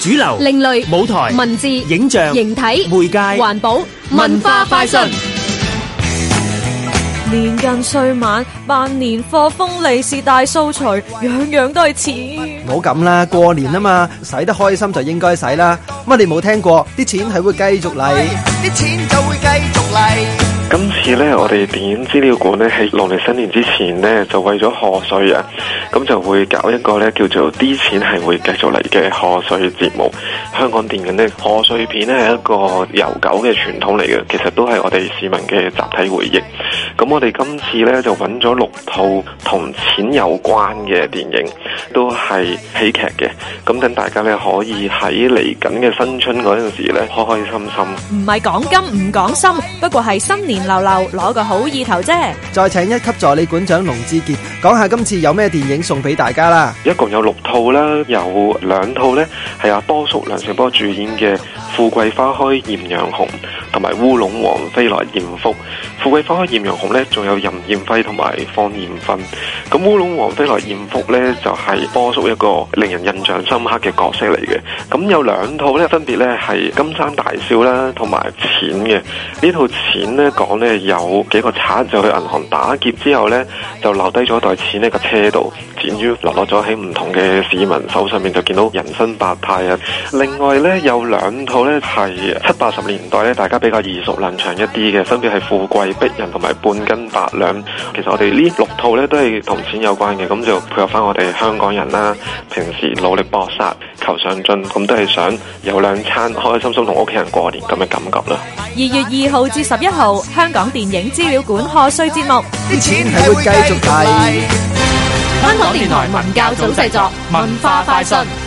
主流、另類舞台、文字、影像、形體、媒介、環保、文化、快訊。年近歲晚辦年貨，封利是大掃除，樣樣都係錢。唔好咁啦，過年啊嘛，使得開心就應該使啦。乜你冇聽過？啲錢係會繼續嚟，啲錢就會繼續嚟。今次呢，我哋電影資料館呢，喺農曆新年之前呢，就為咗賀歲啊，咁就會搞一個呢，叫做啲錢係會繼續嚟嘅賀歲節目。香港電影呢，賀歲片呢，係一個悠久嘅傳統嚟嘅，其實都係我哋市民嘅集體回憶。咁我哋今次咧就揾咗六套同錢有關嘅電影，都係喜劇嘅。咁等大家咧可以喺嚟緊嘅新春陣時咧，開開心心。唔係講金唔講心，不過係新年流流攞個好意頭啫。再請一級助理館長龍志杰講下今次有咩電影送俾大家啦。一共有六套啦，有兩套咧係阿波叔梁醒波主演嘅《富貴花開艷陽紅》同埋《烏龍王飛來艷福》。富貴花開艷陽紅。咧仲有任劍輝同埋芳艷芬，咁烏龍王飛來艷福咧就係波叔一個令人印象深刻嘅角色嚟嘅。咁有兩套咧，分別咧係《金山大少》啦，同埋《錢》嘅呢套錢咧講呢，有幾個賊就去銀行打劫之後呢，就留低咗袋錢呢個車度，剪於流落咗喺唔同嘅市民手上面，就見到人生百態啊。另外咧有兩套咧係七八十年代咧大家比較耳熟能詳一啲嘅，分別係《富貴逼人》同埋《半》。斤八兩，其實我哋呢六套都係同錢有關嘅，咁就配合翻我哋香港人啦，平時努力搏殺求上進，咁都係想有兩餐開開心心同屋企人過年咁嘅感覺啦。二月二號至十一號，香港電影資料館賀歲節目，啲錢係會繼續嚟。香港電台文教組製作，文化快訊。